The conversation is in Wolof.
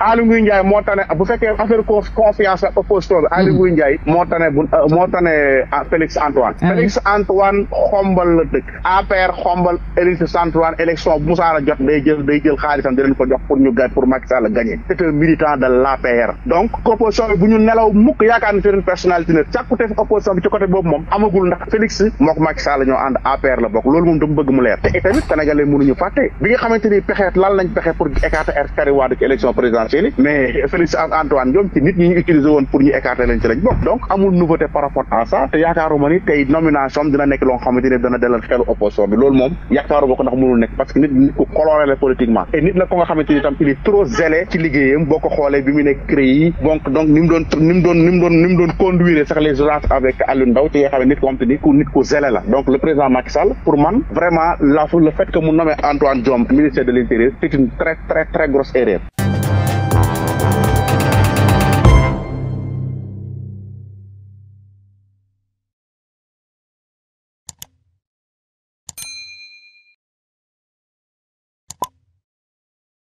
Aly Ngouille moo tane bu fekkee affaire confiance la opposition bi Aly Ngouille Ndiaye moo tane bu hmm. moo tane euh, euh, Félix Antoine ah Félix Antoine xombal la dëkk APR xombal élection bu jot day jël day jël xaalisam di leen ko jox pour ñu gañ pour Macky Sall gagné c'est un militant de donc opposition bu ñu nelaw mukk yaakaar ni seen personnalité la càkkute fi opposition bi ci boobu moom amagul ndax Félix moo ko Macky Sall ñoo ànd APR la bokk loolu moom dama bëgg mu leer te itamit sénégalais mënuñu fàtte bi nga xamante pexe lan lañ pexe pour écarter marché ni mais Félix Antoine Diome ci nit ñi ñu utiliser woon pour ñu écarter leen ci lañ bokk donc amul nouveauté par rapport à ça te yaakaaruma ni tey nomination dina nekk loo xamante ne dana dalal nekk parce politiquement et nit la ko nga xamante trop zélé ci liggéeyam boo ko bi mu nekk créé yi donc donc ni les audiences avec Alioune Ndao ci nga nit ko xamante nit ku zélé la donc le président Macky Sall pour man vraiment la le fait que mu Antoine Diome ministère